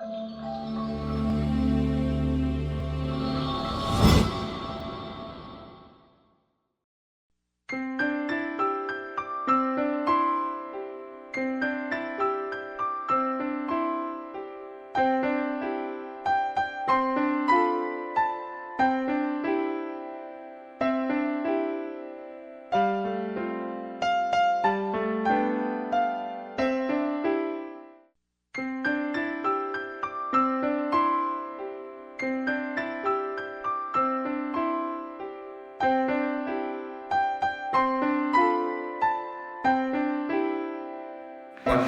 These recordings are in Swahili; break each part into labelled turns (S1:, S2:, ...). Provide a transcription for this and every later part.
S1: Música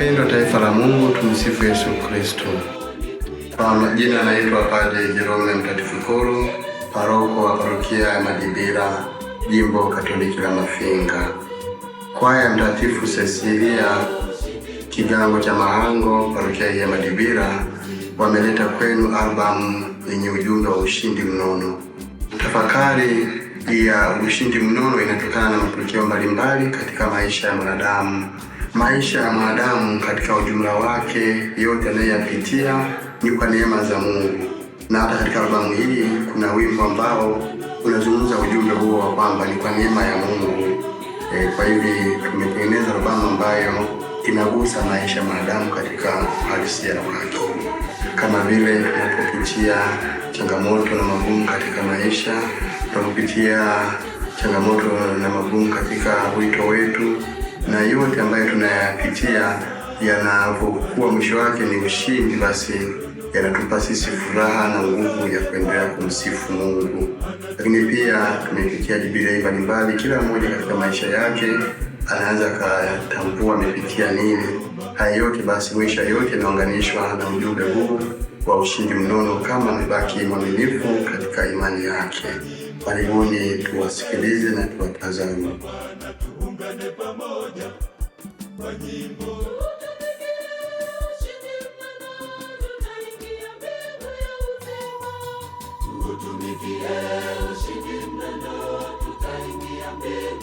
S1: Wapendwa taifa la Mungu, tumsifu Yesu Kristo. Kwa majina anaitwa Padre Jerome Mtatifikuru, paroko wa parokia ya Madibira, jimbo Katoliki la Mafinga. Kwaya ya Mtakatifu Cecilia kigango cha Mahango, parokia ya Madibira, wameleta kwenu albamu yenye ujumbe wa ushindi mnono. Tafakari ya ushindi mnono inatokana na matukio mbalimbali katika maisha ya mwanadamu Maisha ya mwanadamu katika ujumla wake, yote anayeyapitia ni kwa neema za Mungu, na hata katika albamu hii kuna wimbo ambao unazungumza ujumbe huo wa kwamba ni kwa neema ya Mungu. E, kwa hivi tumetengeneza albamu ambayo inagusa maisha ya mwanadamu katika uhalisia wake, kama vile tunapopitia changamoto na magumu katika maisha, tunapopitia changamoto na magumu katika wito wetu na yote ambayo tunayapitia yanapokuwa mwisho wake ni ushindi, basi yanatupa sisi furaha na nguvu ya kuendelea kumsifu Mungu. Lakini pia tumepitia jubilei mbalimbali, kila mmoja katika maisha yake anaanza akatambua amepitia nini. Haya yote basi, maisha yote yanaunganishwa na ujumbe huu wa ushindi mnono, kama amebaki mwaminifu katika imani yake. Karibuni tuwasikilize na tuwatazame. Timbuktu.